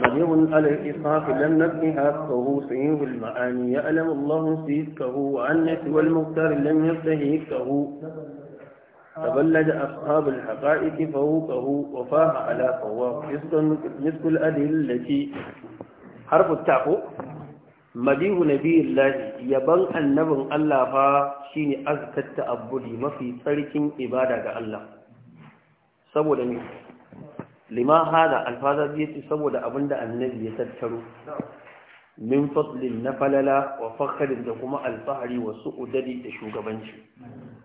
بديع على الإصحاف لم نبنها كهو سيئه المعاني يألم الله سيئه وأنس والمختار لم يبتهي كهو تبلد أصحاب الحقائق فوقه وفاه على فواه مثل الأدلة حرف التعقو مديه نبي الله يبن النبي الله فا شيني أزكى التأبلي ما في ترك إبادة الله سبو دمي lima hada alfazazi yace saboda abinda annabi ya tattaro min fadlin na falala wa fakharin da kuma alfahari wa su'udadi da shugabanci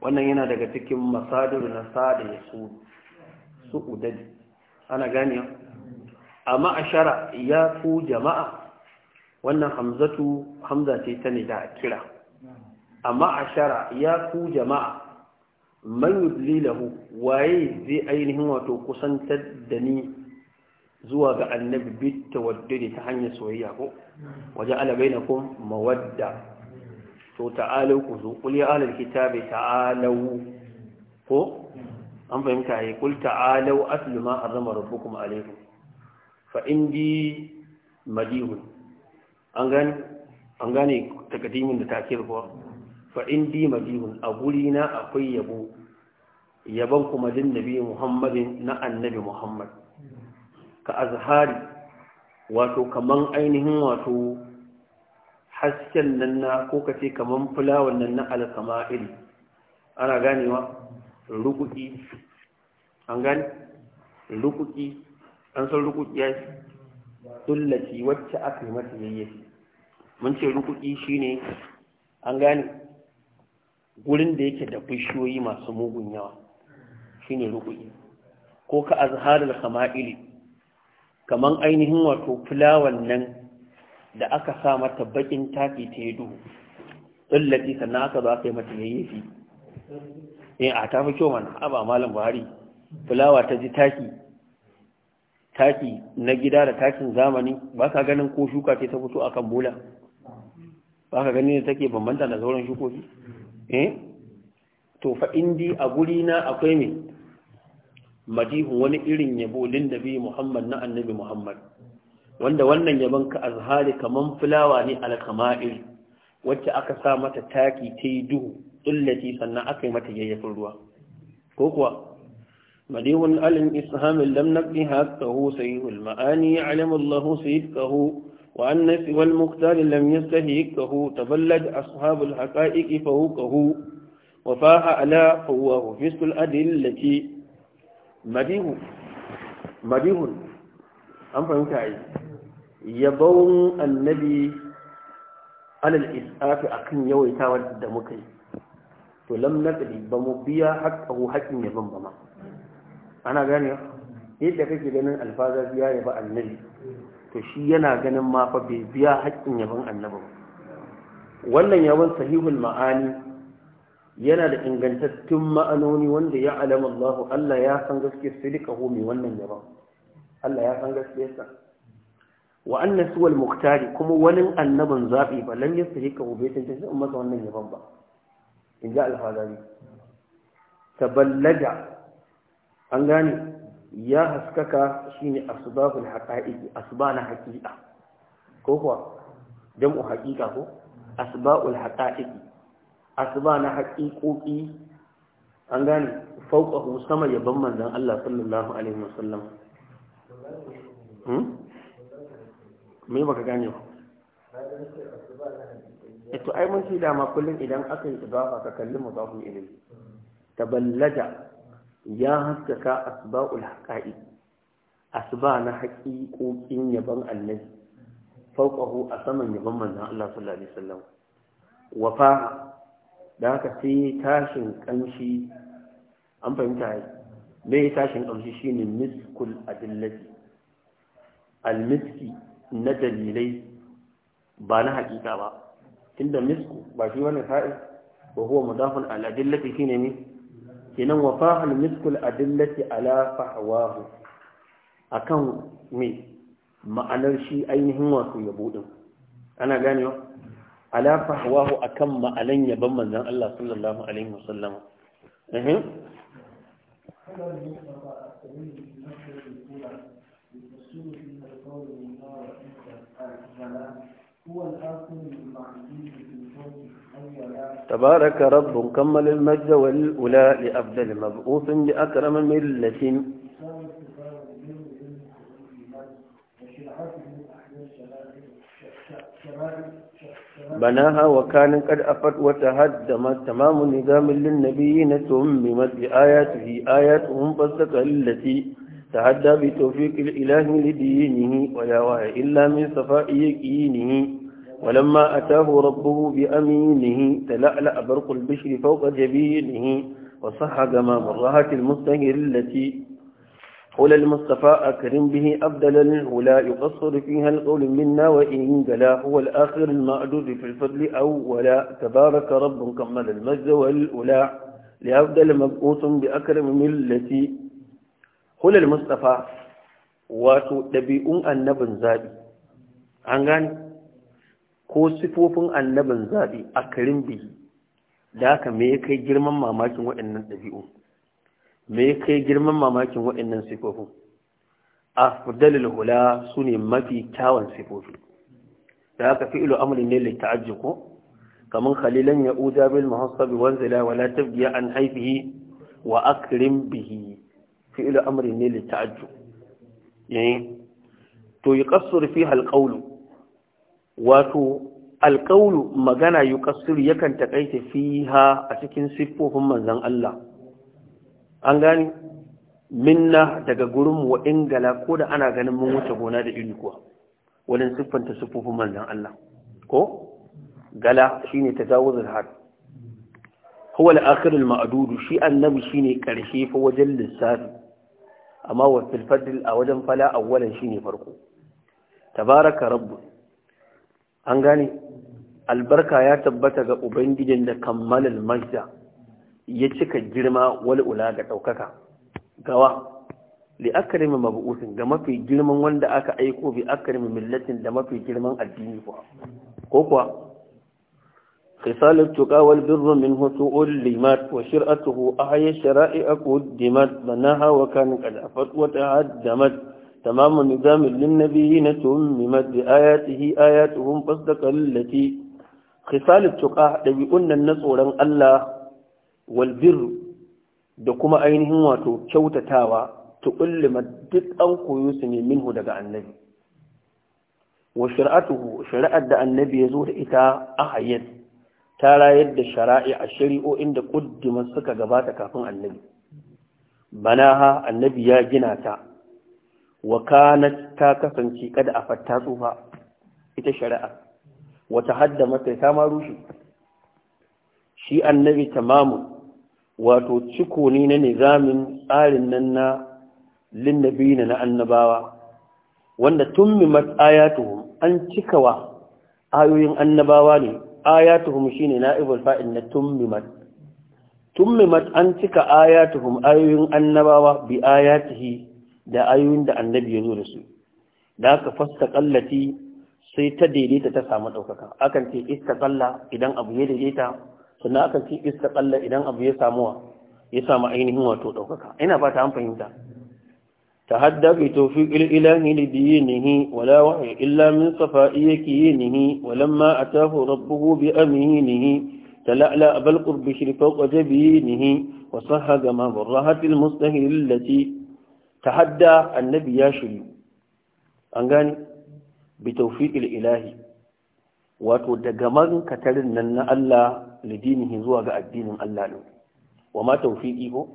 wannan yana daga cikin masadir na sada ya su su'udadi ana gani amma ashara ya ku jama'a wannan hamzatu hamza ce ta nida kira amma ashara ya ku jama'a man yudlilahu waye zai ainihin wato kusantar da ni zuwa ga annabi bit tawaddudi ta hanyar soyayya ko waje ala bainakum mawadda to ta'alu ku zo qul ya ahlul kitabi ta'alu ko an fahimta yi qul ta'alu aslu ma harrama rabbukum alaykum fa indi madihun an gani an gane takadimin da takir ko fa indi mabihun a guri na akwai yabo yaban kuma din nabi muhammadin na annabi muhammad ka azhari wato kaman ainihin wato hasken nan na ko kace kaman fulawan nan na alkama'il ana ganewa rukuki an gane rukuki an san rukuki ya tullaci wacce aka yi mata yayyafi mun ce rukuki shine an gane gurin da yake da bishiyoyi masu mugun yawa shine ruku'i ko ka azharul khama'ili kaman ainihin wato fulawan nan da aka sa mata bakin taki ta yi duhu tsallaki sannan aka zo aka yi mata yayyafi eh a tafi kyau mana aba malam buhari fulawa ta ji taki taki na gida da takin zamani ba ka ganin ko shuka ce ta fito akan bola ba ka ganin da take bambanta da sauran shukoki Eh? to fa indi a guri na akwai ne. madihun wani irin yabo lin nabi Muhammad na annabi Muhammad wanda wannan yabon ka azhari kaman fulawa ne alkama'il wacce aka sa mata taki ta yi duhu dullati sannan aka yi mata yayyafin ruwa ko kuwa مدير الإسهام لم نبه حقه سيه المعاني يعلم الله سيدكه وأن سوى المختار لم يستهيكه تبلد أصحاب الحقائق فوقه وفاح ألا فهو فسق الأدلة مديه مديه أم فهمت عيد يبون النبي على الإسعاف أكن يوي تاود مكي ولم نقلي بمبيا حقه حق يبن بما أنا غاني إيه تكيك لنا الفاظة فيها يبقى النبي to shi yana ganin ma fa bai biya haƙƙin yabon annabi ba wannan yabon sahihul ma'ani yana da ingantattun ma'anoni wanda ya alama Allah Allah ya san gaskiyar sai duka mai wannan yabon Allah ya san gaskiyarsa wa anna suwal muktari kuma wani annabin zaɓi ba lan yasta hika bai tantance in masa wannan yabon ba in ji alfazari taballaga an gane ya haskaka shine asbabul haqa'iqi asbana haqiqa ko kuwa jam'u haqiqa ko asba'ul haqa'iqi asbana haqiqoqi an gane fawqahu sama yaban manzon Allah sallallahu alaihi wasallam hmm me baka gane ba eh, to ai mun da dama makullin idan aka yi idafa ka kalli mudafun ilayhi taballaja ya haskaka asba'ul haqa'i asba na haƙiƙoƙin yaban annabi fauqahu a saman yaban manzon Allah sallallahu alaihi wasallam wafa da haka sai tashin kanshi an fahimta me tashin kanshi shine miskul adillati almiski na dalilai ba na haƙiƙa ba tunda misku ba shi wannan sa'i wa huwa mudafun aladillati shine ne kenan wa fahal miskul adillati ala fahawahu akan me ma'anar shi ainihin wato yabo din ana ganewa ala fahawahu akan ma'alan yaban manzon Allah sallallahu alaihi wasallam eh Thank you. تبارك رب كمل المجد والأولى لأفضل مبعوث لأكرم ملة بناها وكان قد أفت وتهدمت تمام نظام للنبيين تممت بآياته آياتهم التي تعدى بتوفيق الإله لدينه ولا وعي إلا من صفاء يقينه ولما أتاه ربه بأمينه تلألأ برق البشر فوق جبينه وصح كما مرهة المستهر التي قول المصطفى أكرم به أبدل العلا يقصر فيها القول منا وإن جلا هو الآخر المعدود في الفضل أولا تبارك رب كمل المجد والأولى لأبدل مبؤوس بأكرم التي hulal mustafa wato ɗabi'un annabin zaɓi an gane ko sifofin annabin zaɓi a karin biyu da aka me ya kai girman mamakin waɗannan ɗabi'un me ya kai girman mamakin waɗannan sifofin afdalul hula su ne mafi kyawun sifofi da fi Ilo amrin ne litta'ajji ko Kamar khalilan ya uja bil muhassabi wanzila wala tabdiya an haifihi wa akrim bihi fi'il amri ne li ta'ajjub yayin to yuqassir fi alqawl wato alqawl magana yuqassir yakan fi ha a cikin siffofin manzan Allah an gani minna daga gurin wa ingala ko da ana ganin mun wuce gona da iri kuwa wajen siffanta siffofin manzan Allah ko gala shi ne ta huwa al-akhir al-ma'dud shi annabi shine karshe fa wajen lissafi amma wa filfadil a wajen fala awwalan shine farko tabaraka rabbu an gane albarka ya tabbata ga ubangijin da kammalal majda ya cika girma wal ula ga daukaka gawa li akrim mabu'usin ga mafi girman wanda aka aiko bi akrim millatin da mafi girman addini kuwa ko kuwa قصال التقى والبر منه سوء الليمات وشرأته أحيا الشرائع قدمت مناها وكان قد عفت وتعدمت تمام نظام للنبيين تممت بآياته آياتهم فاصدق التي خصال التقى لبيئن النصورا الله والبر دكما أينهم واتو كوتتاوى تؤلمت دك أنكو يسني منه دقى النبي وشرأته شرأت النبي يزور إتا أحيت ta rayar da shara'i a shari'o'in da ƙuddiman suka gabata kafin annabi banaha annabi ya gina ta wa kanat ta kasance kada a fatta tsufa ita shari'a wata hadda mata ta ma rushe shi annabi tamamu wato ciko ne na nizamin tsarin nan na linnabi na annabawa wanda tun tummi matsayatuhum an cikawa ayoyin annabawa ne ayatuhum shine na'ibul fa'il na tummimat tummimat an cika ayatuhum ayyun annabawa bi ayatihi da ayoyin da annabi ya da su da aka fasta kallati sai ta daidaita ta samu ɗaukaka akan ce istaƙalla idan abu ya daidaita sannan akan ce istaƙalla idan abu ya samuwa ya samu ainihin wato ɗaukaka ina ba ta an fahimta تهدى بتوفيق الإله لدينه ولا وحي إلا من صفائي كيينه ولما أتاه ربه بأمينه تلألأ بالقرب فوق جبينه وصح كما برهت المستهل التي تهدى النبي ياشري أنغاني بتوفيق الإله وتدقمان كترن أن الله لدينه زوغ الدين الله وما توفيقه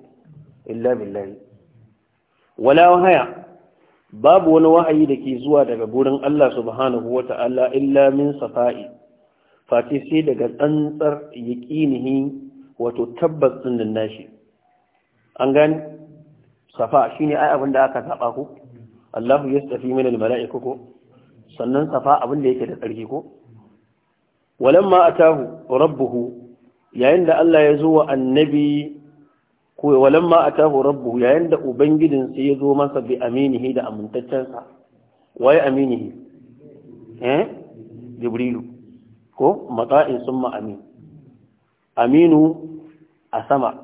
إلا بالله wala wahaya babu wani wahayi da ke zuwa daga gurin Allah subhanahu wa ta'ala illa min safa'i fati sai daga tsantsar yaƙinihi wato tabbas ɗin nashi an gani safa shine ai abinda aka saba ku Allahu ya tafi min al ko sannan safa abin da yake da tsarki ko walamma atahu rabbuhu yayin da Allah ya zo wa annabi ko walamma atahu rabbuhu yayin da ubangijin sai ya zo masa bi aminihi da amintaccensa waye aminihi eh jibrilu ko mata'in summa amin aminu a sama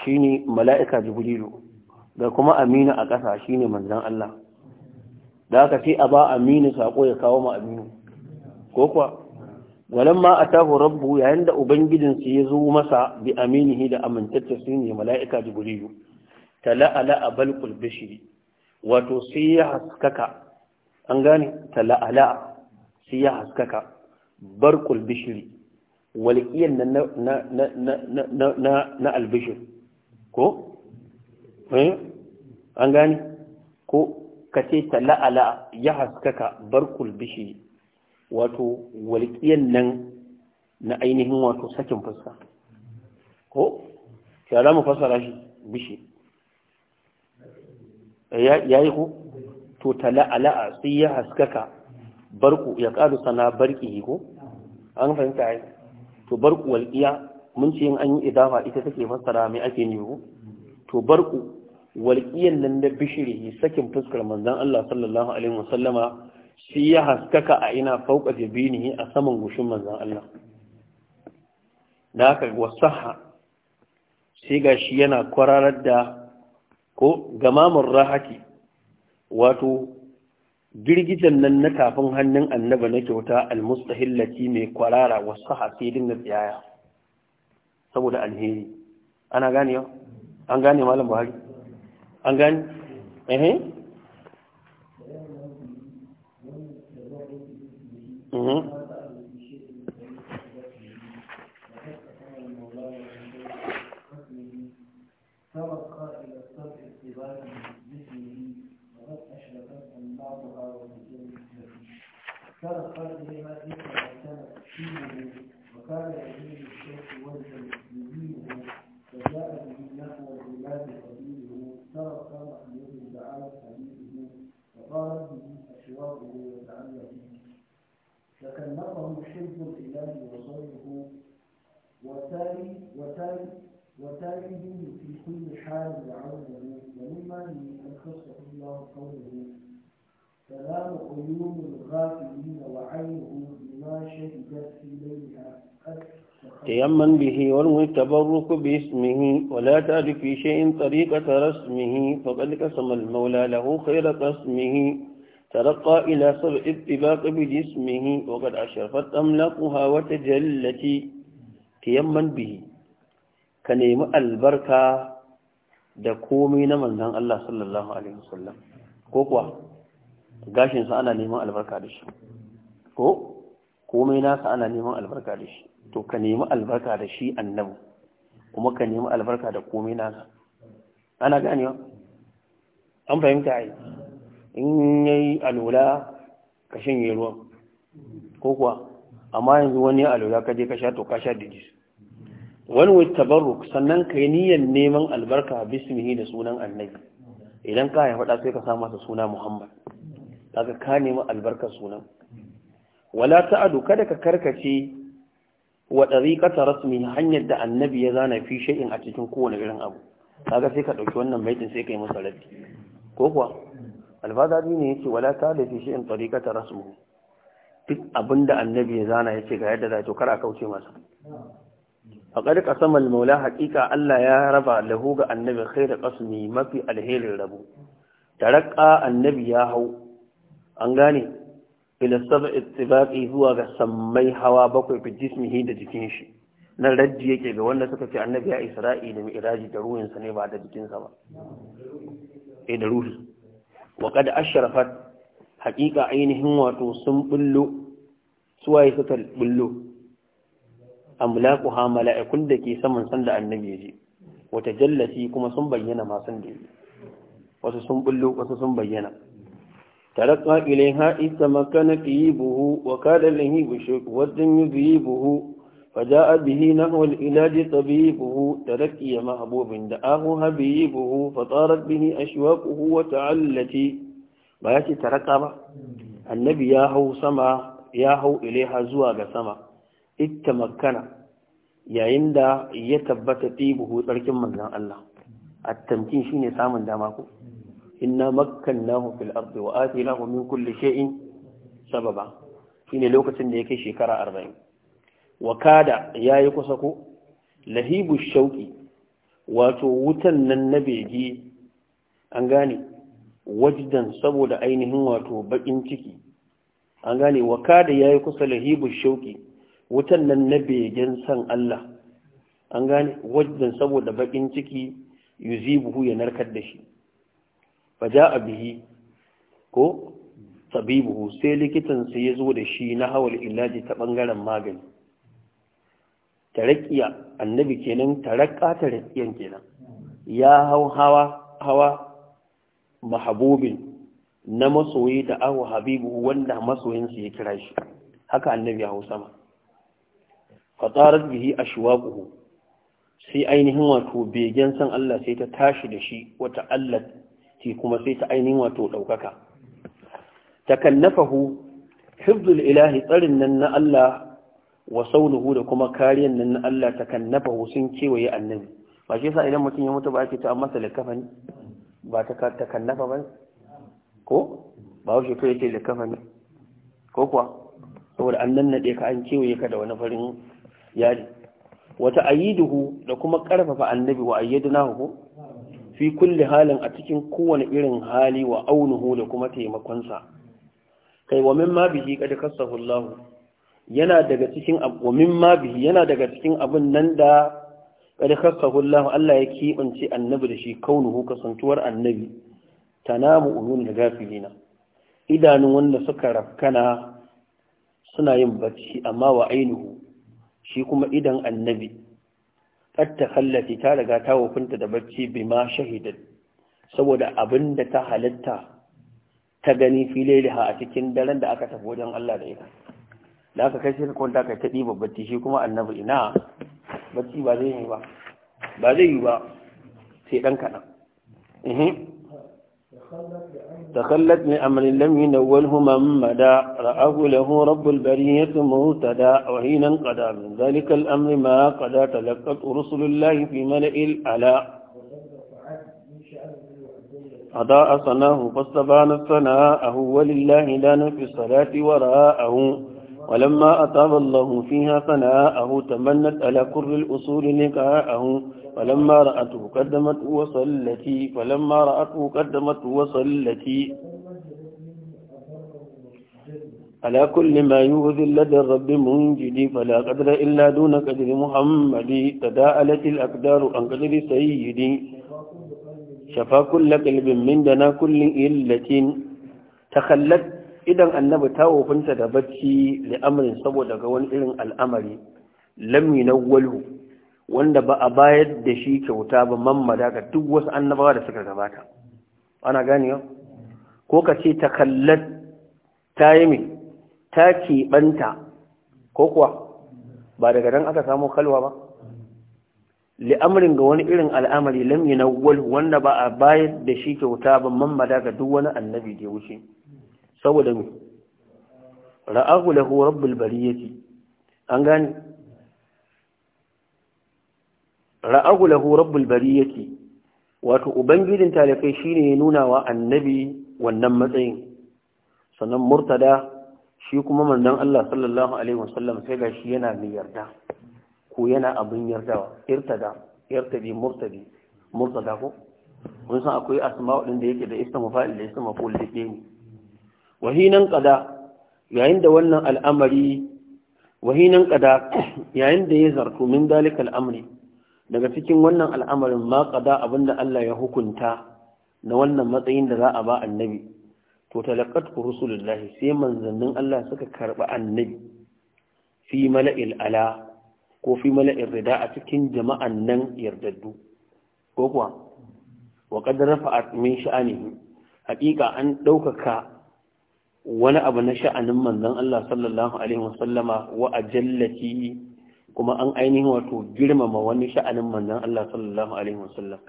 shine mala'ika jibrilu da kuma aminu a ƙasa shine manzon Allah da aka sai a ba aminu sako ya kawo ma aminu ko kuwa walamma atahu rabbu yayin da ubangijinsa ya zo masa bi aminihi da amintacce sun ne mala'ika jibrilu tala'ala abal kulbishiri wato sai ya haskaka an gane tala'ala sai ya haskaka bar kulbishiri walƙiyan na albishir ko? Eh? an gane ko ka ce tala'ala ya haskaka bar kulbishiri wato walƙiyan nan na ainihin wato sakin fuska ko ya za mu fassara shi bishi ya yi ko to tala'ala'a sai ya haskaka barku ya ƙaru sana barki ko an fahimta ai to barku walƙiya mun ce yin an yi idafa ita take fasara mai ake ne ko to barku walƙiyan nan na bishiri sakin fuskar manzan Allah sallallahu alaihi wasallama shi ya haskaka a ina fauka jabini a saman gushin manzan Allah da wasu wasaha sai ga shi yana kwararar da ko gamamin rahaki wato girgijen nan na tafin hannun annaba na kyauta almustahillati mai kwarara wasaha sai dinga tsiyaya saboda alheri ana gane an gane malam buhari an gane ehe mhm يخص إلا قوله سلام عيون الغافلين وعينه بما شهدت في ليلها تيمن به والمه التبرك باسمه ولا تعرف في شيء طريقة رسمه فقد قسم المولى له خير قسمه ترقى إلى سبع اتباق بجسمه وقد أشرفت أملاقها وتجلت تيمن به كنيم البركة da komai na manzan Allah sallallahu alaihi wasallam ko kuwa gashin sa ana neman albarka da shi ko komai nasa ana neman albarka da shi to ka nemi albarka da shi annabu kuma ka nemi albarka da komai nasa ana ganewa an fahimta ai in yi alula ka shanye ruwan ko kuwa amma yanzu wani alula ka je ka sha to ka sha dijis wani tabarruk sannan ka yi niyyar neman albarka bismihi da sunan annabi idan ka haifar da sai ka sa masa suna muhammad kaga ka nemi albarka sunan wala ta'adu kada ka karkace wa dariqata rasmi hanyar da annabi ya zana fi shay'in a cikin kowane irin abu kaga sai ka dauki wannan baitin sai ka yi masa rabi ko kuwa alfaza ne yake wala ta'adu fi shay'in dariqata rasmi duk abinda annabi ya zana yace ga yadda za to kar a kauce masa faƙar saman maula haƙiƙa Allah ya raba lahu ga annabi khairu qasmi mafi alherin rabu tarakka annabi ya hau an gane ila sab'i ittibaqi zuwa ga sammai hawa bakwai fi jismihi da jikin shi nan raddi yake ga wanda suka ce annabi ya isra'i da mi'raji da ruhinsa ne ba da jikinsa ba eh da ruhi wa qad ashrafat haƙiƙa ainihin wato sun bullo suwaye suka bullo amlakuha mala'ikun da ke saman sanda annabi ya je wata jallasi kuma sun bayyana masu da yi wasu sun bullo wasu sun bayyana tare ƙaƙile ha isa makana ka yi buhu wa kaɗalin yi wajen yi biyi buhu wa za a bihi na wal ilaji ta biyi buhu da raƙi ya ma'abobin da ha biyi buhu fatsarar bihi a shi waƙu hu wata ba ya ce taraka ba annabi ya hau sama ya zuwa ga sama itta makana yayin da ya tabbata tibuhu tsarkin manzan Allah a tamkin shi ne samun dama Ina inna makkannahu fil ardi wa atinahu min kulle shay'in sababa ne lokacin da ya kai shekara arba'in. wa kada yi kusa ko lahibu shauki wato wutan nan na beji an gane wajidan saboda ainihin wato bakin ciki an gane wa kada yi kusa lahibu shauki wutan nan na begen san Allah an gane wajen saboda bakin ciki yuzibuhu ya narkar da shi faja a bihi ko tabibuhu sai likitansa ya zo da shi na hawal ilaji ta bangaren magani tarakiya annabi kenan taraka tarakiyan kenan ya hau hawa hawa mahabubin na masoyi da ahu habibu wanda masoyinsa ya kira shi haka annabi ya hau sama fatarar bihi a shuwaƙuhu sai ainihin wato begen san Allah sai ta tashi da shi wata Allah ce kuma sai ta ainihin wato ɗaukaka takallafahu hifzul ilahi tsarin nan na Allah wa saunuhu da kuma kariyan nan na Allah takannafahu sun kewaye annabi ba shi sa idan mutum ya mutu ba ake ta masa lakafani? ba ta takannafa ba ko ba shi to yake likafani ko kuwa saboda an nan ɗaya ka an kewaye ka da wani farin Yari. wata ayyiduhu da kuma karfafa annabi wa ayyadnahu fi kulli halin a cikin kowane irin hali wa aunuhu da kuma taimakonsa kai wa mimma bihi kad kasahu Allah yana daga cikin wa mimma bihi yana daga cikin abin nan da kad kasahu Allah Allah ya kibance annabi da shi kaunuhu kasantuwar annabi tanamu ulun da gafilina idanun wanda suka rafkana suna yin bacci amma wa ainihu shi kuma idan annabi ta kallafi ta riga ta hukunta da bacci bi ma shahidan saboda abin da ta halitta ta gani filai da ha a cikin daren da aka tafi wajen Allah da ita da aka kai shirka kwanta kai ta ɗiba bacci shi kuma annabi ina bacci ba zai yi ba ba zai yi ba sai ɗan kaɗan تخلت لأمر لم ينوله من مدى رآه له رب البرية مهتدى وهينا قدى من ذلك الأمر ما قدى تلقت رسل الله في ملئ الألاء أضاء صناه فاستبان ثناءه ولله دان في الصلاة وراءه ولما أطاب الله فيها ثناءه تمنت على كر الأصول لقاءه فلما رأته قدمت وصلتي فلما رأته قدمت وصلتي على كل ما يؤذي لدى الرب منجدي فلا قدر إلا دون قدر محمدي تداءلت الأقدار عن قدر سيدي شفا كل قلب من دنا كل إلة تخلت إذا النبي تاو فانت لأمر صبو دقوان إذن الأمر لم ينوله wanda ba a bayar da shi kyauta ba mamma daga duk wasu annabawa da suka gabata ana gani ko ka ce ta kallar ta yi mai ta keɓanta ko kuwa ba daga nan aka samu kalwa ba li'amarin ga wani irin al'amari lamye na nawwal wanda ba a bayar da shi kyauta ba mamma ga duk wani annabi da ya wuce saboda mu ra'ahu lahu rabbul bariyati an gani ra'ahu lahu rabbul bariyati wato ubangijin talakai shine ya nuna wa annabi wannan matsayin sannan murtada shi kuma manzon Allah sallallahu alaihi wasallam sai gashi yana mai yarda ko yana abin yardawa irtada irtadi murtadi murtada ko mun san akwai asma'u din da yake da ismu fa'il da ismu maf'ul da yake wahinan qada yayin da wannan al'amari wahinan qada yayin da ya zarto min dalikal amri daga cikin wannan al'amarin ma abin da Allah ya hukunta na wannan matsayin da za a ba annabi to talaqat rusulullahi sai manzannin Allah suka karɓi annabi fi mala'il ala ko fi mala'il rida a cikin jama'an nan yardaddu ko kuwa wa qad rafa'at min sha'anihi Haƙiƙa an ɗaukaka wani abu na sha'anin manzon Allah sallallahu alaihi wasallama wa kuma an ainihin wato girmama wani sha'anin manzon Allah sallallahu alaihi wasallam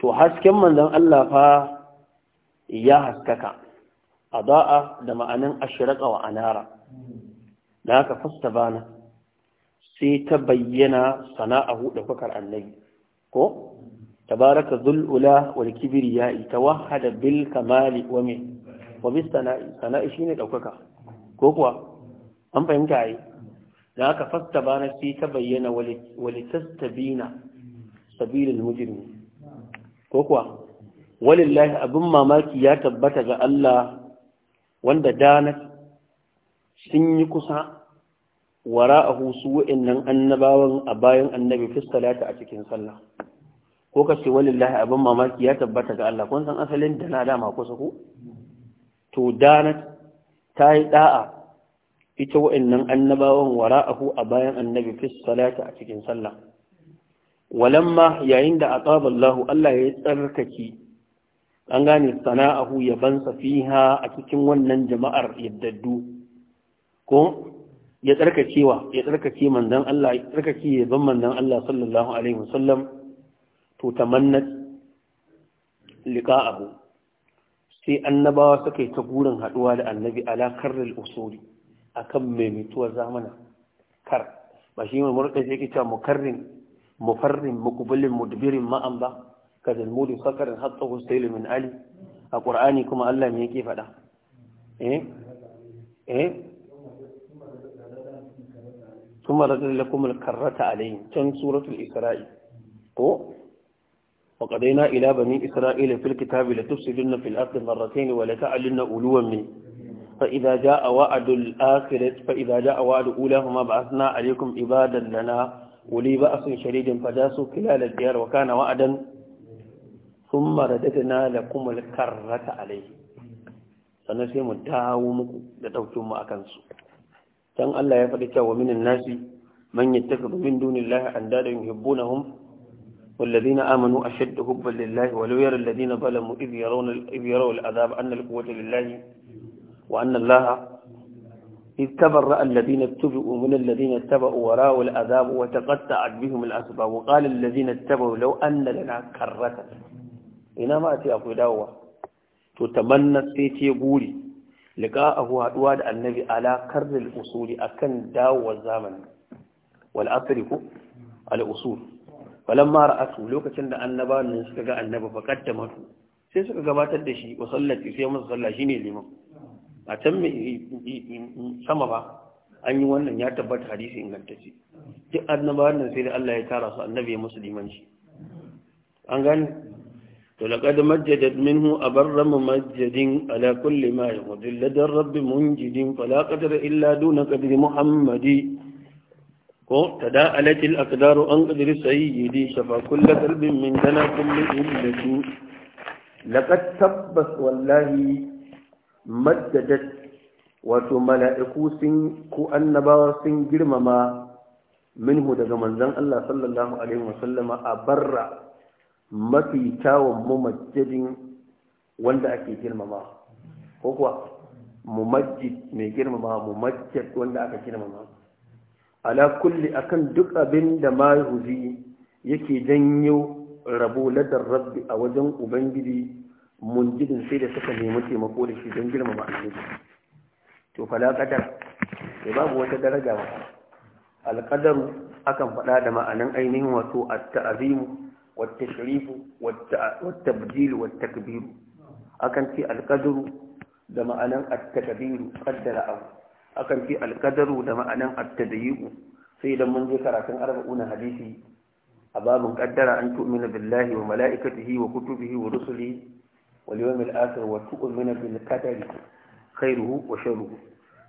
to hasken manzon Allah fa ya haskaka ada'a da ma'anin ashiraka wa anara da haka bana sai ta bayyana sana'ahu da fakar annabi ko tabaraka walKibiri ula wal kibriya wahada bil kamali wa wa sana'i sana'i shine ɗaukaka, ko kuwa an fahimta ai da aka fasta bana sai ta bayyana walitastabina sabilil mujrimi ko kuwa walillahi abin mamaki ya tabbata ga Allah wanda dana sun yi kusa a su wa'annan annabawan a bayan annabi fi a cikin sallah ko ka ce walillahi abin mamaki ya tabbata ga Allah kun san asalin da na dama kusa ko to dana ta yi da'a ita wa'annan annabawan wara'ahu a bayan annabi fi salata a cikin sallah walamma yayin da ataba Allah Allah ya yi tsarkaki. an gane sana'ahu yabansa fiha a cikin wannan jama'ar yaddaddu ko ya tsarkakewa ya tsarkake manzon Allah ya tsarkake yaban manzon Allah sallallahu alaihi wasallam to tamannat liqa'ahu sai annabawa suka yi ta gurin haɗuwa da annabi ala karril usuli akan mai mutuwar zamana kar ba shi mai murɗa sai kita mukarrin mufarrin mukubilin mudbirin ma'an ba ka zalmudin sakarin hatta husailu min ali a ƙur'ani kuma Allah me yake faɗa eh eh ثم ردد لكم الكرة عليهم كان سورة الإسراء وقضينا إلى بني إسرائيل في الكتاب لتفسدن في wa مرتين ولتعلن أولوا منه fa’iza a wa’adul akirat fa’iza ma ba a suna alaikum ibadan da na wuli ba a sun sharidin fada su kila da biyar wa kana wa’adan sun mara daga na da kuma karrata alai sannan sai mu dawo muku da ɗaukin mu a kansu can Allah ya faɗi cewa minin nasi man yi ta gaba min dunin lahi an dada yin hibbo na hun والذين آمنوا أشد حبا لله ولو يرى الذين ظلموا إذ يرون إذ يروا العذاب أن القوة لله وأن الله إذ تبرأ الذين اتبعوا من الذين اتبعوا وراءوا العذاب وتقطعت بهم الأسباب وقال الذين اتبعوا لو أن لنا كرة إنا ما أتي أقول دعوة تتمنى سيتي يقولي لقاءه هدواد النبي على كر الأصول أكن داو الزمن والأطرق الأصول فلما رأته لو كتن النبا نسكا النبا فقدمته سيسكا قباتا دشي وصلت في يوم الصلاة شيني الإمام a can sama ba an yi wannan ya tabbata hadisi ingantacce duk annabawan nan sai da Allah ya tara su annabi musulmanci an gane. to laqad majjadat minhu abarra mumajjadin ala kulli ma yudil ladar rabbi munjidin fala qadara illa duna qadri muhammadi ko tada alatil aqdaru an qadri sayyidi shafa kullu qalbin min dana kulli illatu laqad tabbas wallahi maddadat wato mala'iku sun ko annabawa sun girmama minhu daga manzan Allah sallallahu Alaihi wasallama a barra mafi kyawun mumajjadin wanda ake girmama ko kuwa mumajjid mai girmama mumajjad wanda aka girmama ala kulli akan duk abin da huzi yake janyo rabo ladar rabbi a wajen ubangiji munjidin sai da suka nemi taimako da shi don girmama annabi to fa qadar sai babu wata daraja ba alqadaru akan faɗa da ma'anin ainihin wato at-ta'zimu wat-tashrifu wat-tabdil wat akan ce alqadaru da ma'anin at-takbir qaddara abu akan ce alqadaru da ma'anin at-tadyiqu sai idan mun je karatun arba'una hadisi a babin ƙaddara an tu'mina billahi wa mala'ikatihi wa kutubihi wa rusulihi واليوم الآخر وتؤمن بالقدر خيره وشره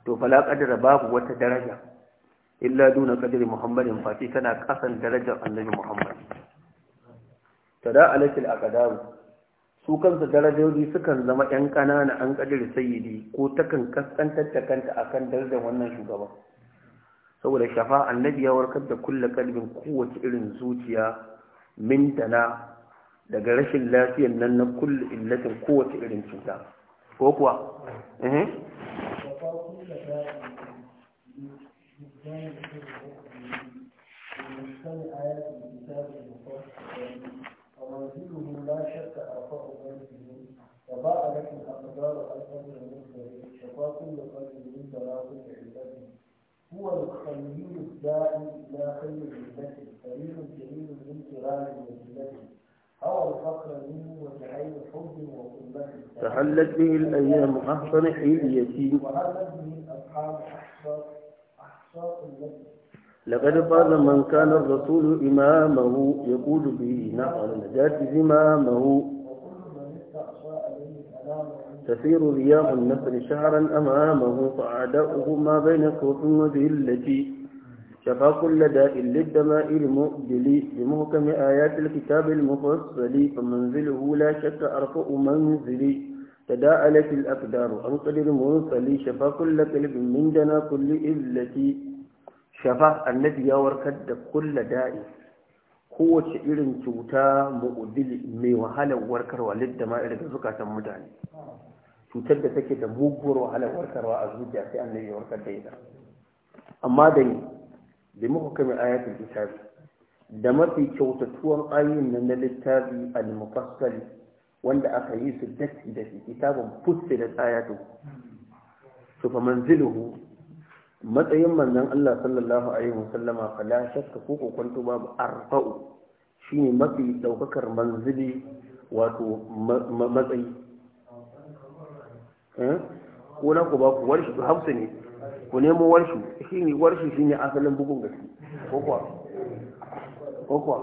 to fala kadara babu wata daraja illa duna kadari muhammadin fati tana kasan darajar annabi muhammad tada a aqdaru su kansu darajoji sukan zama yan kanana an kadari sayidi ko takan kaskantar da kanta akan darajar wannan shugaban saboda shafa annabi ya warkar da kulle kalbin kowace irin zuciya mintana daga rashin lafiyar nan na kullu illatin kowace irin cuta ko kuwa هو الخليل الدائم لا خير من ذلك خليل جميل من تراب من ذلك أو تحلت به الأيام أحسن حيليتي وهلت به الأصحاب لقد قال من كان الرسول إمامه يقول به نحو النجاة زمامه تسير رياح النسل شعرا أمامه فأعداؤه ما بين صوت وذلتي شفى كل داء للدماء المؤجل بمحكم آيات الكتاب المفصل فمنزله لا شك أرفع منزلي تداعلت الأقدار عن قدر منصلي شفى كل قلب من دنا كل إلتي شفى النبي يوركد كل داء kowace irin cuta mu'udil mai wahalar warkarwa lidda daga zukatan mutane cutar da take da muguwar wahalar warkarwa a zuciya sai annabi ya warkar da ita amma da bi muhkami ayatul kitabi da mafi kyautatuwan ayin nan na littafi al-mufassal wanda aka yi su daki da kitabun da ayatu to fa manziluhu matsayin manzon Allah sallallahu alaihi wasallama fala shakka ko kokonto babu arfa'u shine mafi daukakar manzili wato matsayi eh? ko na ku ba ku wani shi hausa ne ku nemo warshu shi ne warshu shi ne asalin bugun gaske ko kuwa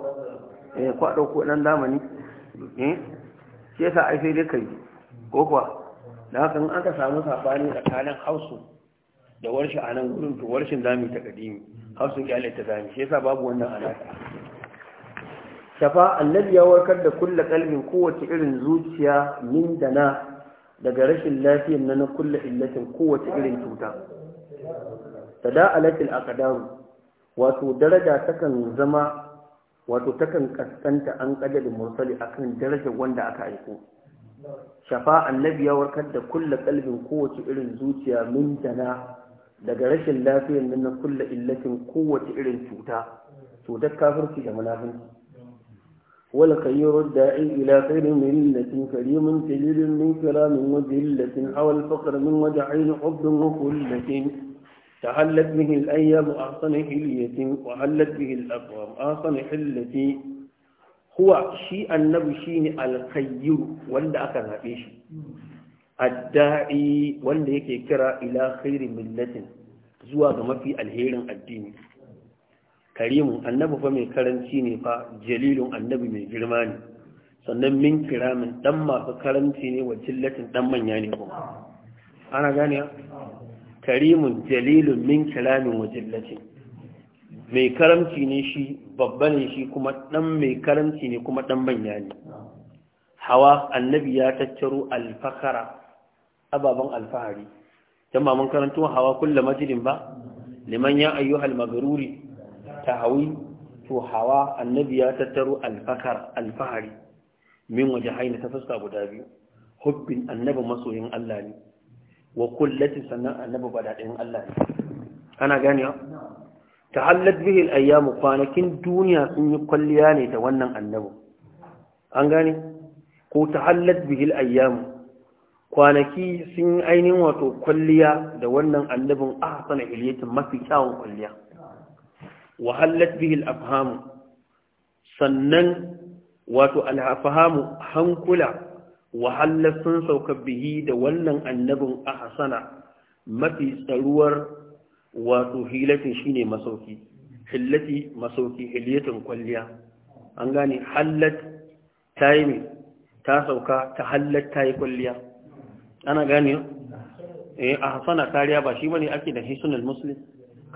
eh kwa dauko dan zamani eh shi yasa ai sai dai kai ko kuwa da haka in aka samu sabani tsakanin hausu da warshi a nan gurin to warshin zami ta kadimi hausu ya ta zami shi yasa babu wannan alaka shafa annabi ya warkar da kulla kalbin kowace irin zuciya min dana daga rashin lafiyar na na kulla illatin kowace irin cuta tada alatil aqdaru wato daraja takan zama wato takan kaskanta an kadar mursali akan darajar wanda aka aiko shafa annabi ya warkar da kulla kalbin kowace irin zuciya min dana daga rashin lafiyar nan na kulla illatin kowace irin cuta cutar kafirci da munafinci khairin min إلى karimin ملة كريم جليل من كرام وجلة حوى الفقر من وجعين حب kullatin تحلت به الأيام أحسن حلية وحلت به الأقوام أحسن حلتي هو شيء النبي شيء الخير ولا أكن هبيش الداعي ولا يكرا إلى خير ملة زوا ما في الهير الدين كريم النبي فمن كرنتيني فجليل النبي من جرماني sannan min kiramin dan masu karanci ne wa jillatin dan manya ne kuma ana gane karimun jalilun min kiramin wajallatin mai karamci ne shi babba ne shi kuma dan mai karamci ne kuma dan manya ne hawa annabi ya tattaro alfakara ababen alfahari Tama mun karanto hawa kulle majalin ba liman ya ayyu halmagaruri. ta hawi to hawa annabi ya tattaro alfakar alfahari min waje haini ta fuska guda biyu hubbin annabi masoyin Allah ne wa kullati sannan annabi ba daɗin Allah ne ana ganewa ta bihi al-ayyamu kwanakin duniya sun yi kwalliya ne da wannan annabi an gane ko ta hallat bihi al-ayyamu kwanaki sun yi ainihin wato kwalliya da wannan annabin ahsana hilyatin mafi kyawun kwalliya wa hallat bihi al-afhamu sannan wato al-afhamu hankula wahallar sun sauka bihi da wannan annabin a hasana mafi tsaruwar wato hilatin shi ne masauki hillati masauki hilatin kwalliya an gane hallat ta yi ta sauka ta hallat ta yi kwalliya ana gane eh a hasana kariya ba shi ne ake da hisunan muslim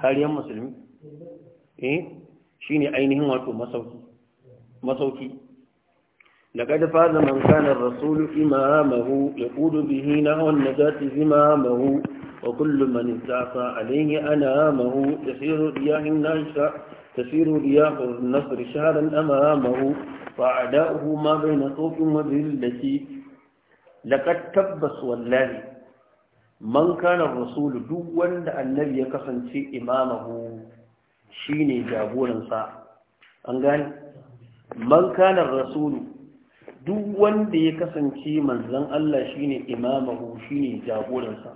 kariyan musulmi eh shi ne ainihin wato masauki masauki لقد فاز من كان الرسول إمامه يقول به نحو النجاة زمامه وكل من استعصى عليه أنامه تسير رياح الناشا تسير رياح النصر شهرا أمامه فأعداؤه ما بين خوف وذلة لقد تبس والله من كان الرسول دوان النبي كفن في إمامه شيني جابولا صاع أنقال من كان الرسول duk wanda ya kasance manzan Allah shi shine imamahu ne jagoransa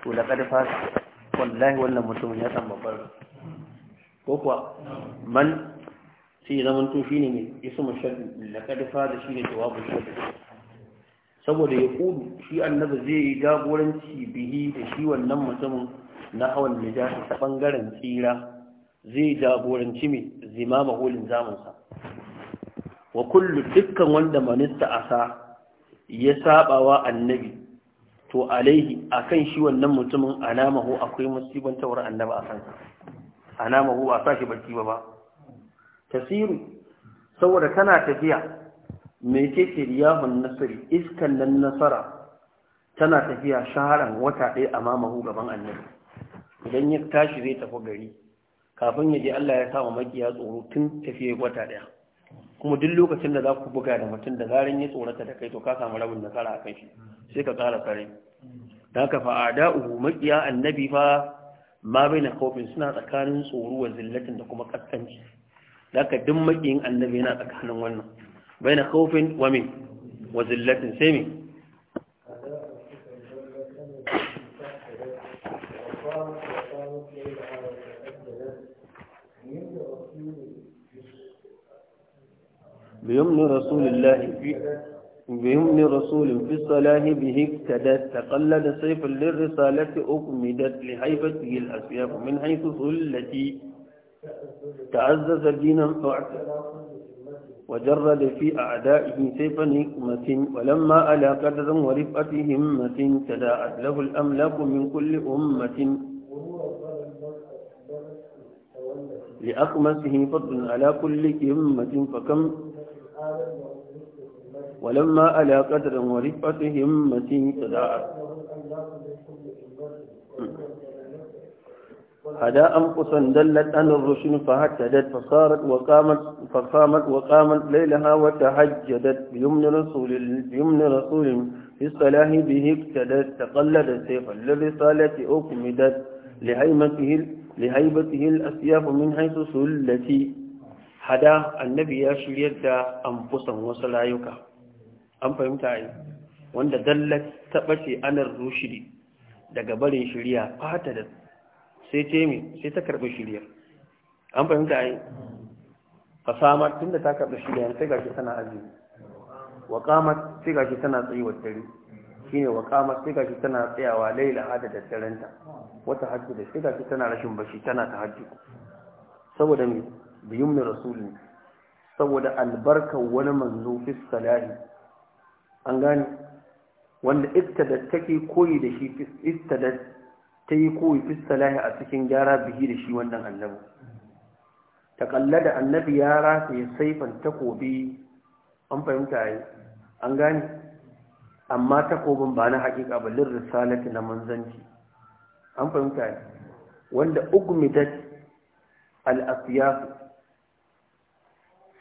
to laqad fasa wallahi wannan mutumin ya san babbar ko kuwa man sai zaman to shi ne da shadd laqad fasa ne jawabu shadd saboda ya kudu shi annabi zai yi jagoranci bihi da shi wannan mutumin na hawan nijar ta bangaren tsira zai jagoranci mai zimama holin zamansa wa kullu dukkan wanda manista asa ya sabawa annabi to alaihi akan shi wannan mutumin anamahu akwai musibin tawar annaba akan sa anamahu ba sa shi bacci ba ba tasiru saboda kana tafiya me da riyahun nasari, iskan nan nasara tana tafiya shaharan wata ɗaya mamahu gaban annabi idan ya tashi zai tafi gari kafin ya je Allah ya sa makiya tsoro tun tafiye wata ɗaya kuma duk lokacin da za ku buga da mutum da zarin ya tsorata da kai to ka samu rabin nasara a kai shi sai ka tsara kare da ka fa'ada uhu maƙiya annabi fa ma bai na kofin suna tsakanin tsoro wa zillatin da kuma kaskanci da ka duk maƙiyin annabi yana tsakanin wannan bai na kofin wa min wa zillatin sai min بيمن رسول الله في بيمن رسول في الصلاة به اقتدت تقلد سيفا للرسالة أكمدت لهيبته الأسياف من حيث ثلتي تعزز دينا وجرد في أعدائه سيف نكمة ولما ألا قدرا ورفقة همة تداعت له الأملاك من كل أمة لأخمسه فضل على كل كمة فكم ولما على قدر ورفة متين تداعت هدا أنفسا دلت عن الرشد فهتدت فصارت وقامت فقامت وقامت ليلها وتهجدت بيمن رسول بيمن رسول في الصلاه به اقتدت تقلدت سيفا للرسالة أكمدت لهيمته لهيبته الأسياف من حيث سلتي hada annabi ya shiryar da amfusan wasu layuka an fahimta ai wanda dallar ta bace anar rushidi daga barin shirya fata da sai ce mi sai ta karɓi shirya an fahimta ai fasamar tunda ta karɓi shirya sai gashi tana azumi waqamat sai gashi tana tsayuwar dare shine waqamat sai gashi tana tsayawa laila hada da ta wata hajji da sai gashi tana rashin bashi tana ta hajji saboda me bi yumni rasulin saboda albarkar wani manzo fi salahi an gane wanda ittadat take koyi da shi ittadat ta yi koyi fi a cikin gyara bihi da shi wannan annabi da annabi ya rata ya saifan takobi an fahimta yi an gane amma takobin ba na hakika ba lir risalati na manzanci an fahimta yi wanda ugmidat al asiyasu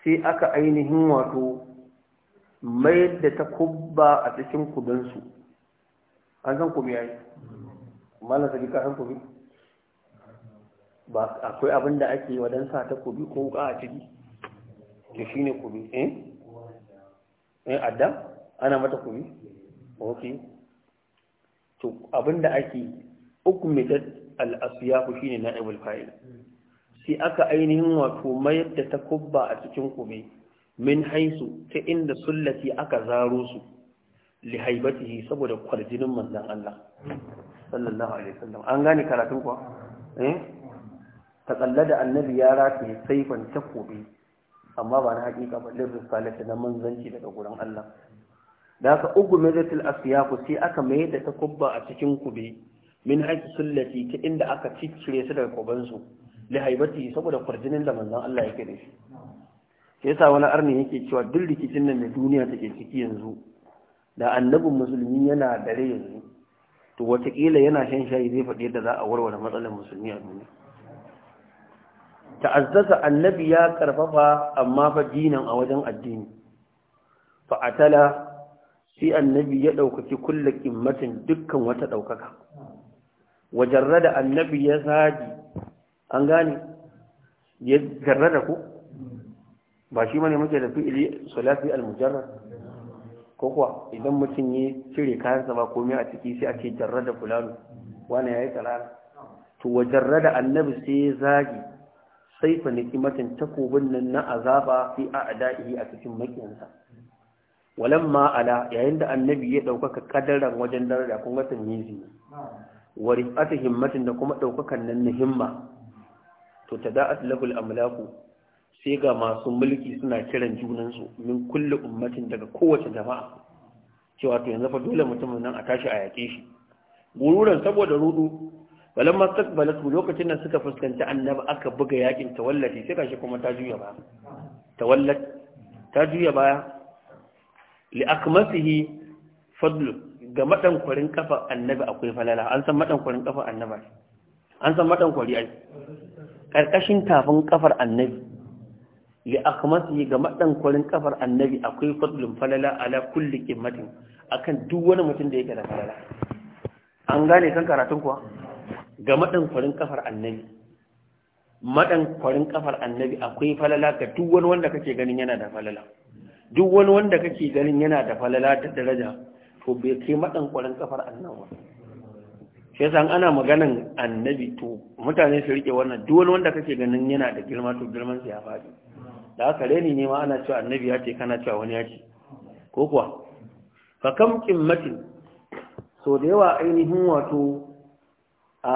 sai aka ainihin wato mai da ta kubba a cikin kubansu an san kubi yi. malam sadi ka san kubi ba akwai abin da ake wadansa sa ta kubi ko wuka a ciki shi ne kubi eh eh adda ana mata kubi Ok. to abin da ake ukmidat al-asyahu na na'ibul fa'il sai aka ainihin wato mayar da takubba a cikin kube min haisu ta inda sullati aka zaro su li haibatihi saboda kwarjinin manzon Allah sallallahu alaihi wasallam an gane karatun kuwa eh kallada annabi ya rataye saifan kube, amma ba na hakika ba lirin risalati na manzanci daga gurin Allah da aka ugu mazatul asyaku sai aka mayar da takubba a cikin kube min haisu sullati ta inda aka ciccire su daga kubansu lihaibati saboda kwarjinin da manzon Allah yake da shi shi yasa wani arni yake cewa duk rikicin nan da duniya take ciki yanzu da annabin musulmi yana dare yanzu to wataƙila yana shan shayi zai faɗi yadda za a warware matsalar musulmi a duniya ta'azzasa annabi ya karfafa amma fa dinan a wajen addini fa atala sai annabi ya ɗaukaki kulle kimmatin dukkan wata ɗaukaka wajen rada annabi ya zagi an gane ya garra da ku ba shi mane muke da fi'ili salafi al-mujarrad ko kuwa idan mutum ya cire kayansa ba komai a ciki sai a ce jarra da fulano wani yayi talala to wa jarra da annabi sai zagi sai fa matan takobin nan na azaba fi a'da'ihi a cikin makiyansa walamma ala yayin da annabi ya ɗaukaka kadaran wajen darada, kun ga tanyizi wa rifatu himmatin da kuma ɗaukakan nan himma to tada'at lahul amlaku sai ga masu mulki suna kiran junansu min kulli ummatin daga kowace jama'a cewa to yanzu fa dole mutumin nan a tashi a yaƙe shi gururan saboda rudu balan mastaqbalat lokacin da suka fuskanci annabi aka buga yakin tawallati sai kashi kuma ta juya baya tawallat ta juya baya li akmasihi fadlu ga madankwarin kafa annabi akwai falala an san madankwarin kafa annabi an san madankwari ai ƙarƙashin tafin ƙafar annabi li yi ga madan kwarin ƙafar annabi akwai fadlun falala ala kulli a kan duk wani mutum da ya da falala an gane kan karatun kuwa ga madan kwarin ƙafar annabi madan kwarin ƙafar annabi akwai falala ga duk wani wanda kake ganin yana da falala duk wani wanda kake ganin yana da falala da daraja to bai kai madan kwarin kafar annabi shi yasa ana maganan annabi to mutane su rike wannan duk wani wanda kake ganin yana da girma to girman sa ya faɗi da haka reni ne ma ana cewa annabi ya ce kana cewa wani ya ce ko kuwa fa kam qimmati so da yawa ainihin wato a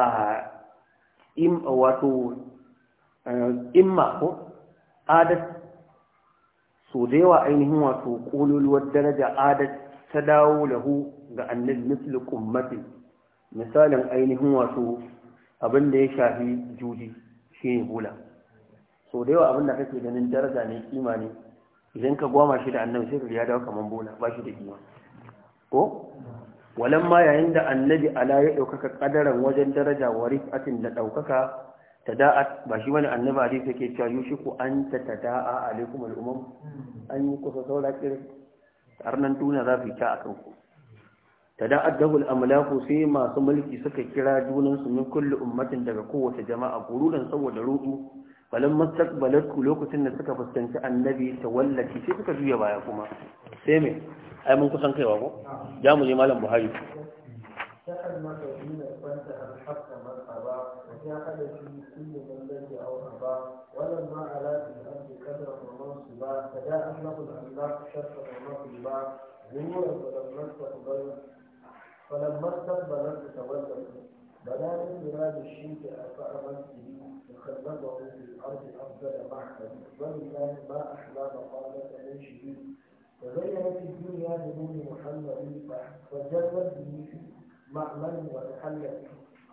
im wato imma ko adat so da yawa ainihin wato kololuwar daraja adat ta dawo lahu ga annabi misli qummatin misalin ainihin wasu, abin da ya shafi juji shi ne hula so da yawa abin da kake ganin daraja ne kima ne idan ka gwama shi da annabi sai ya dawo kaman bola ba shi da kima ko walan ma yayin da annabi ala ya ɗaukaka ƙadaran wajen daraja wa rifatin da ɗaukaka tada'a, ba shi wani annabi hadisi yake cewa yushiku an ta tada'a alaikum al'umam an yi kusa saura arnan duniya za su ta a kanku تداعده الأملاك سيما سملكي سكا كرا جونس من كل أمة دغ قوة جماعة قرولا سوى دروء فلما استقبلت كلوكة سكا فستنسى النبي تولى سكا جوية بايكما سيمي أي من قصان كيوا كو جامو جمالا بحاجة سأل ما تؤمن فانتهى الحق من أبا في كل من لجأ أو أبا ولما على في الأرض الأملاك فلما استقبل تتولد بلا انفراد الشرك أرفع به وخلده في الأرض أفضل معهد ولله ما أحلى مقالة من شديد تبينت الدنيا بدون محمد فجلت به معمل وتحلت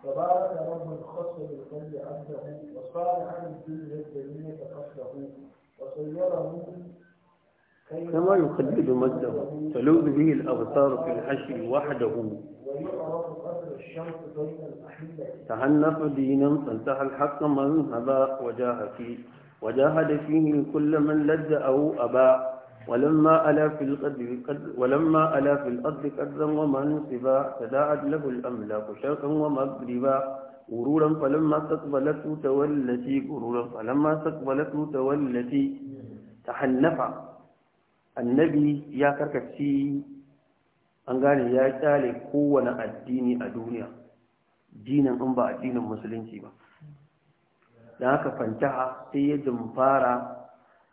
تبارك رب خص بالقلب عبده وصار عن الدنيا الجميلة قصده وصيره كما يقلد مده تلوذ به الأبصار في الحشر وحده تهنف دينا فانتهى الحق مذهبا وجاه فيه وجاهد فيه كل من لذ أو أبى ولما ألا في القدر ولما ألا في الأرض قدرا ومن ومنصبا تداعت له الأملاك شرقا ومغربا غرورا فلما استقبلته تولتي غرورا فلما استقبلته تولتي تحنفا annabi ya karkaci an gane ya kyale kowane addini a duniya dinin in ba addinin musulunci ba da haka fantaha sai ya jimfara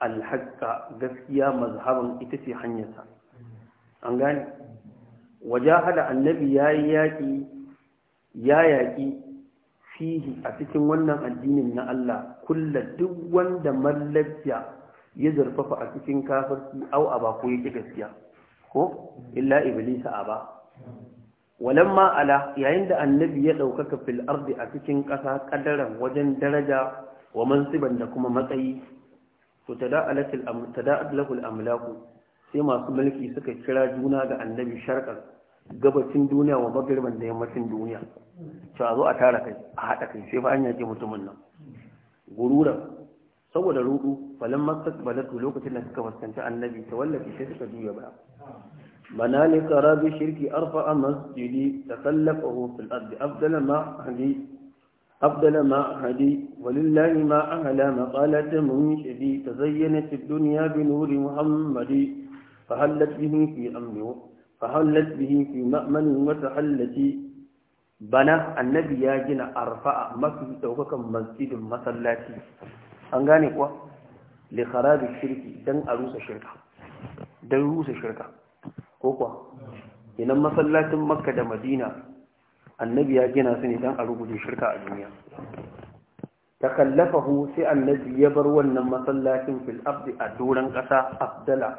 alhaƙa gaskiya mazhaban ita ce hanyarsa an gane wajahada annabi ya yi yaƙi ya yaƙi fihi a cikin wannan addinin na Allah kulla duk wanda mallajja ya zurfafa a cikin kafirci au aba ko yake gaskiya ko illa iblis aba walamma ala yayin da annabi ya daukaka fil ardi a cikin kasa kadaran wajen daraja wa mansiban da kuma matsayi to tada'alat al amr tada'at sai masu mulki suka kira juna ga annabi sharqan gabacin duniya wa magriban da yammacin duniya to a zo a tara kai a hada kai sai fa an yake mutumin nan gururan saboda rudu falan mastaqbalatu lokacin da suka fuskanci annabi ta wallafi sai suka juya ba manali qarabi shirki arfa masjidi tasallaqahu fil ardi afdala ma hadi afdala ma hadi walillahi ma ahla maqalat munshidi tazayyanat ad-dunya bi nuri muhammadi fahallat bihi fi amri fahallat bihi fi ma'man wa tahallati bana annabi ya gina arfa'a mafi daukakan masjidin masallaci an gane kuwa li kharabi shirki dan a rusa shirka dan rusa shirka ko kuwa masallacin makka da madina annabi ya gina su ne dan a rubuce shirka a duniya takallafahu sai annabi ya bar wannan masallacin fil abdi a doran kasa afdala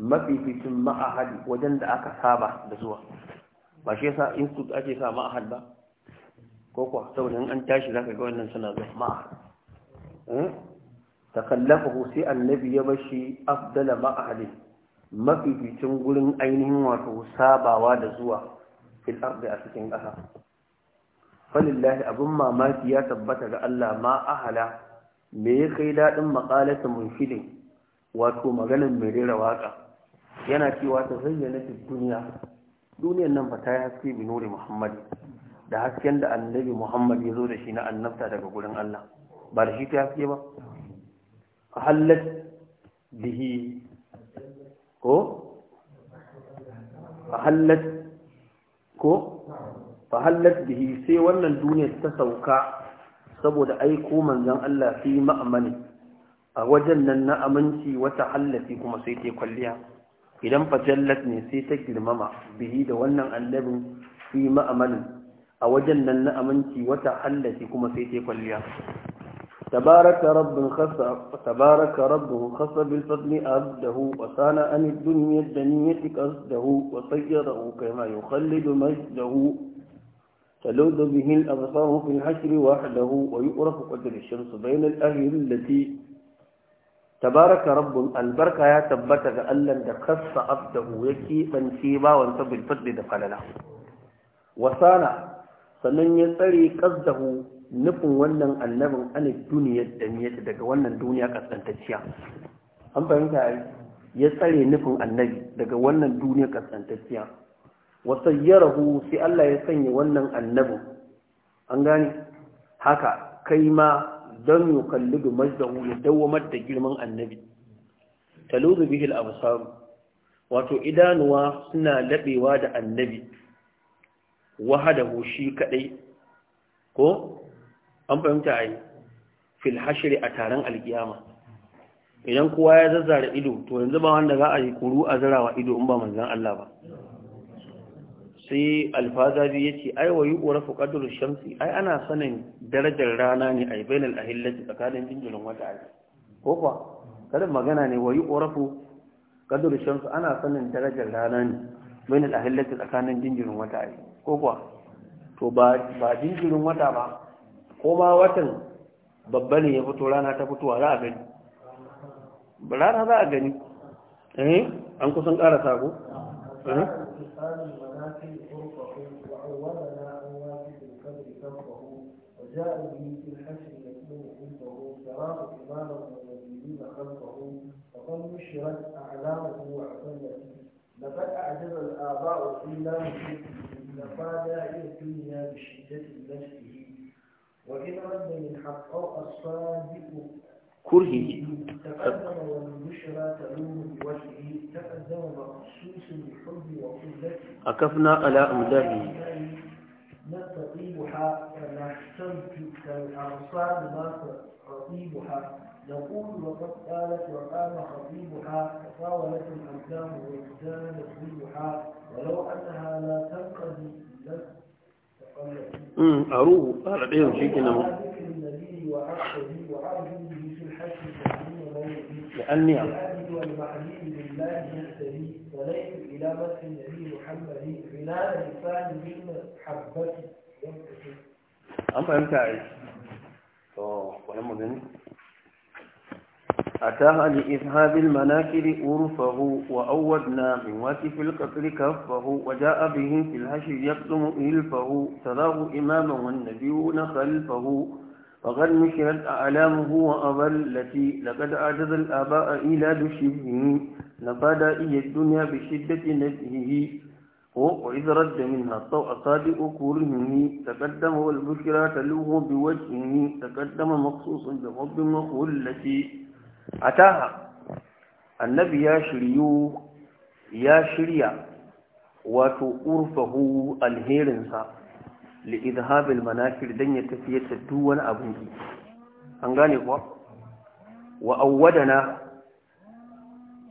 mafificin ma'ahadi wajen da aka saba da zuwa ba shi yasa institute ake sa ma'ahad ba ko kuwa saboda an tashi zaka ga wannan suna zuwa ma'ahad takallafahu sai annabi ya bashi afdala ma'ali mafificin gurin ainihin wato sabawa da zuwa fil ardi a cikin ƙasa falillahi abin mamaki ya tabbata ga Allah ma ahala me ya kai daɗin maƙalata munfidin wato maganar mai rera waƙa yana cewa ta zayyana duniya duniyan nan fa ta yi haske bi nuri muhammad da hasken da annabi muhammad ya zo da shi na annabta daga gurin Allah ba da shi ta haske ba a hallat bihi ko a hallat ko a bihi sai wannan duniya ta sauka saboda aiko manzan Allah fi ma'amani a wajen nan na aminci wata hallafi kuma sai ta kwalliya idan fajallat ne sai ta girmama bihi da wannan annabin fi ma'amanin a wajen nan na aminci wata hallafi kuma sai ta kwalliya تبارك رب خص تبارك ربه خص بالفضل عبده وصان عن الدنيا الدنية قصده وصيره كما يخلد مجده تلوذ به الأبصار في الحشر وحده ويؤرف قدر الشمس بين الأهل التي تبارك رب البركة يا تبتك ألا دخص عبده يكي من سيبا وانتب الفضل دفل له وصانع سنن يطري قصده nufin wannan annabin ana duniyar daniyar daga wannan duniya kasantacciya an fahimta ya tsare nufin annabi daga wannan duniya kasantacciya yarahu sai Allah ya sanya wannan annabin an gane haka kai ma don yi kalli da majdahu ya dawamar da girman annabi taluzu bihil abu. wato idanuwa suna labewa da annabi wahadahu shi kadai ko an fahimta ai fil hashri a taron alkiyama idan kowa ya zazzara ido to yanzu ba wanda za a yi kuru a zarawa ido in ba manzan Allah ba sai alfazabi ya ce ai wa yi ƙorafi shamsi ai ana sanin darajar rana ne a ibanin ahillaci tsakanin jinjirin wata ai ko kuwa karin magana ne wa yi ƙorafi shamsi ana sanin darajar rana ne bainal ahillaci tsakanin jinjirin wata ai ko kuwa to ba jinjirin wata ba ko ma watan babba ne ya fito rana ta fitowa za a gani rana za a gani eh an kusan ƙara sako eh لقد أعجب الآباء في الله لقد داعي الدنيا بشدة نفسه وإن رد الصادق كرهه والبشرى بوجهه مخصوص الحب أكفنا على أمداه نستطيبها ما تطيبها نقول وقد قالت وقام خطيبها تطاولت الأقدام والأقدام Hmm. a ruhu ƙara ɗayan shi kina an fahimta a yi to wani أتاها لإذهاب المناكر أرفه وأودنا من واتف القصر كفه وجاء به في الهشر يقدم إلفه تراه إماما والنبيون خلفه فقد نشرت أعلامه التي لقد أعجز الآباء إلى دشبه نفى دائي الدنيا بشدة نزهه وإذ رد منها الطوء صادق كرهه تقدم والبشرى تلوه بوجهه تقدم مخصوص بحب وخلتي ataha annabi ya shiryu ya shirya wato urfahu alherinsa li idhabil manakir dan ya tafiye ta duk wani abin ki an gane kuwa wa awwadana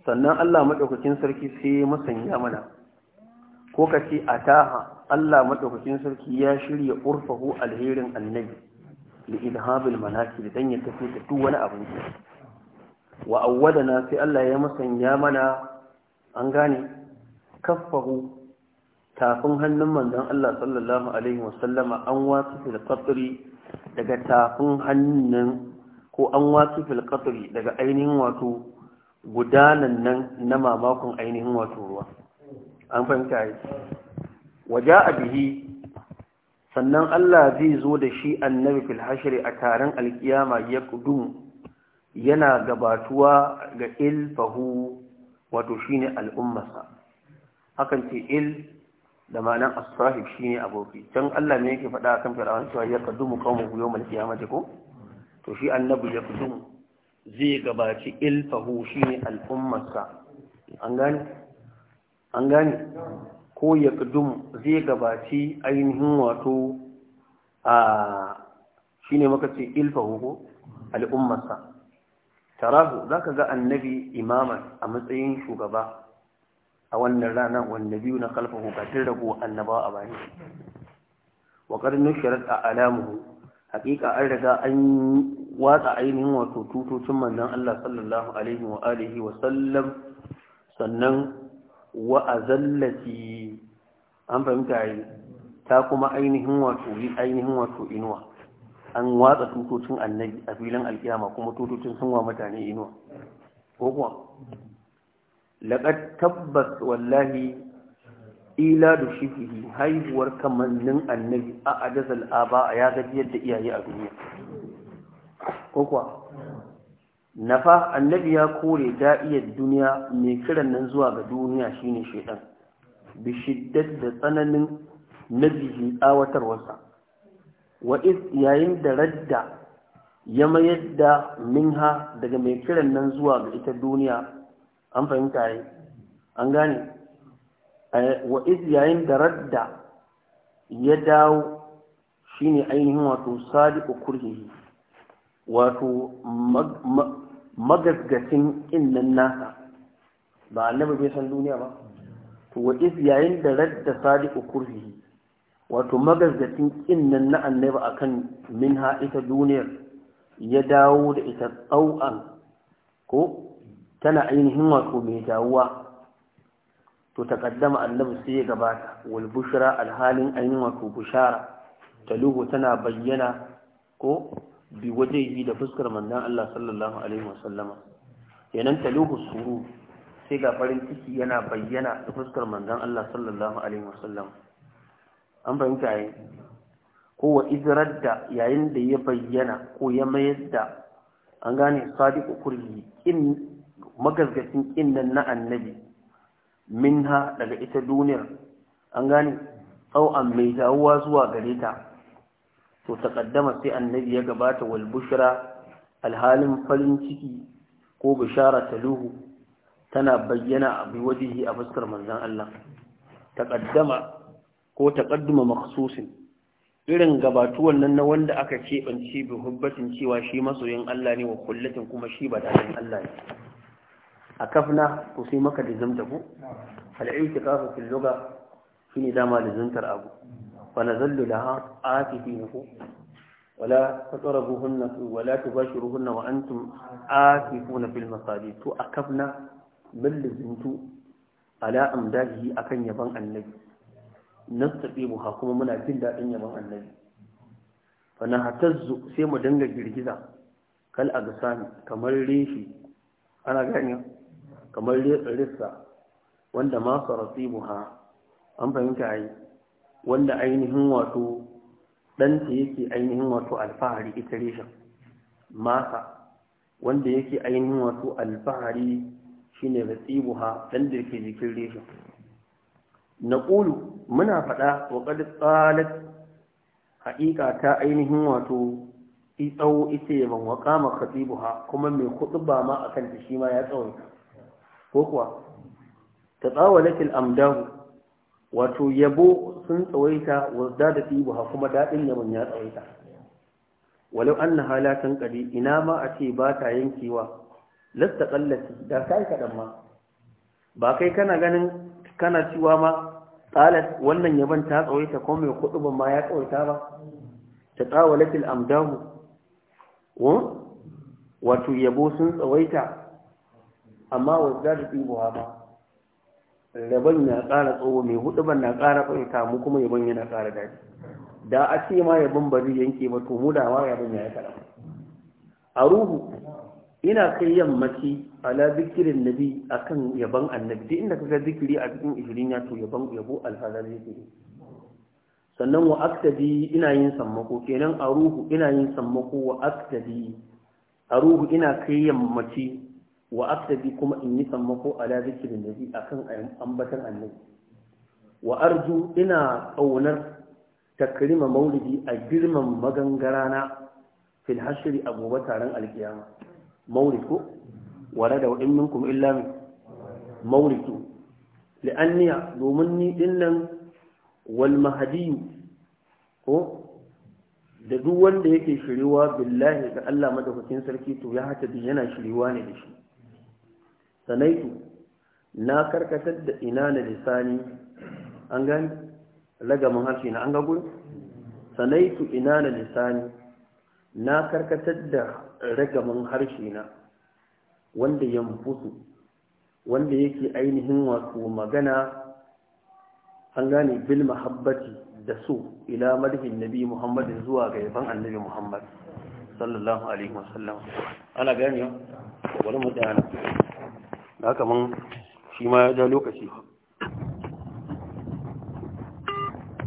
sannan Allah madaukakin sarki sai masanya mana ko kace ataha Allah madaukakin sarki ya shirya urfahu alherin annabi li idhabil manakir dan ya tafiye ta duk wani abin ki wa na sai Allah ya masanya mana an gane kaffahu tafin hannun manzon Allah sallallahu alaihi wasallama an wasu fil qatri daga tafin hannun ko an wasu fil qatri daga ainihin wato gudanan nan na mamakon ainihin wato ruwa an fahimta yi waja a bihi sannan Allah zai zo da shi annabi fil hashri a taron alkiyama ya kudum yana gabatuwa ga il fahu wato shine al'ummarsa Hakan ce il da ma'anan as shine aboki can Allah ne yake faɗa akan fir'aun cewa ya kadumu qaumu yawmal qiyamati ko to shi annabi ya kadumu zai gabaci il fahu shine al'ummarsa an gane an gane ko ya kadumu zai gabaci ainihin wato a shine maka ce il fahu ko al'ummarsa tarahu za ka ga annabi imaman a matsayin shugaba a wannan rana wanda biyu na kalfahu katin rago annaba a bayan wa ƙarnin shirar a alamuhu haƙiƙa an riga an watsa ainihin wato tutocin mannan Allah sallallahu alaihi wa alihi wa sallam sannan wa azallati an fahimta yi ta kuma ainihin wato ainihin wato inuwa an watsa tutocin annabi a filin alkiyama kuma tutocin sunwa mutane inuwa ko kuwa laƙar tabbas wallahi ila da shifihi haihuwar kamannin annabi a ajazal aba a ya gaji yadda iyaye a duniya ko kuwa nafa annabi ya kore da'iyar duniya mai kiran nan zuwa ga duniya shine shaidan bi shiddat da tsananin nabi tsawatarwarsa wa yayin da radda ya mayar da minha daga mai kiran nan zuwa ga ita duniya an fahimta yi an gane eh, wa yayin da radda ya dawo shine ainihin wato sadiqu kurhihi wato magasgacin innan nasa ba annabi bai san duniya ba to wa yayin da radda sadiqu kurhihi wato magazgatin kinnan na annabi akan minha ita duniyar ya dawo da ita tsau'an ko tana ainihin wato mai dawowa, to takaddama annabi sai ya gabata wal bushra alhalin ainihin wato bushara taluhu tana bayyana ko bi yi da fuskar manzon Allah sallallahu alaihi wasallama taluhu suru sai ga farin ciki yana bayyana da fuskar manzon Allah sallallahu alaihi wasallama an fahimta yayin ko wa izrar yayin da ya bayyana ko ya mayar da an gane sadiku kurhi kin magazgacin kin na annabi minha daga ita duniyar an gane tsau'an mai dawowa zuwa gare ta to taqaddama sai annabi ya gabata wal bushra alhalin farin ciki ko bishara taluhu tana bayyana a wajihi a fuskar manzon Allah taqaddama ko taqadduma makhsusin irin gabatuwan nan na wanda aka keɓance bi hubbatin cewa shi masoyin Allah ne wa kullatin kuma shi ba tare Allah ne a kafna to sai maka lizamta ku al-i'tikafu fil lugha shine dama zantar abu fa nazallu laha atifihu wala ta tatrabuhunna wala ta bashi tubashiruhunna wa antum kuna fil masajid to akafna min lizintu ala amdahi akan yaban annabi ha kuma muna jin dadin yaman annabi fa na hatazzu sai mu dinga girgiza kal agsami kamar reshi ana gani kamar rissa wanda ma ha, an fahimta ai wanda ainihin wato ɗanta yake ainihin wato alfahari ita reshen masa wanda yake ainihin wato alfahari shine ratsibuha dan da yake jikin reshen Na naqulu muna faɗa wa qad qalat haƙiƙa ta ainihin wato tsawo ita yaban wa kama khatibuha kuma mai ba ma akan ta shi ma ya tsawaita ko kuwa ta tsawalatil amdahu wato yabo sun tsawaita wa da tibuha kuma dadin yaban ya tsawaita walau na la ƙari? ina ma a ce ba ta yankewa lasta qallati da kai kadan ma ba kai kana ganin kana ciwa ma qalat wannan yaban ta tsawaita ko mai ban ma ya tsawaita ba ta tsawalatil amdahu wato yabo sun tsawaita amma wanda da tsibuwa ba rabon ya ƙara tsawo mai hudu ban na ƙara tsawaita mu kuma yabon yana ƙara daji da a ce ma yabon ba zai yanke ba to mu da ma yabon ya yi kaɗan a ruhu ina kai yammaci ala zikirin nabi akan yaban annabi duk inda kaga zikiri a cikin ishirin ya to yaban yabo alhalar zikiri sannan wa aktadi ina yin sammako kenan a ruhu ina yin sammako wa a ruhu ina kai yammaci wa kuma in yi sammako ala zikirin nabi akan ambatar annabi wa arju ina kaunar takrima maulidi a girman magangarana fil hashri gobe taron alkiyama مورث ورد وإن منكم إلا من مورث لأني دومني إلا والمهدي هو da duk wanda yake shiriwa billahi ga Allah madaukakin sarki to ya hata bi yana shiriwa ne da shi sanaitu na karkatar da ina na lisani an gani ragamin harshe na an ga gurin sanaitu ina na lisani na karkatar da ragaman harshe na wanda ya mutu wanda yake ainihin wato magana an gane bil mahabbati da so ila madhin nabi muhammadin zuwa ga yaban annabi muhammad sallallahu alaihi wasallam ana gane wani mutane na kaman shi ma ya ja lokaci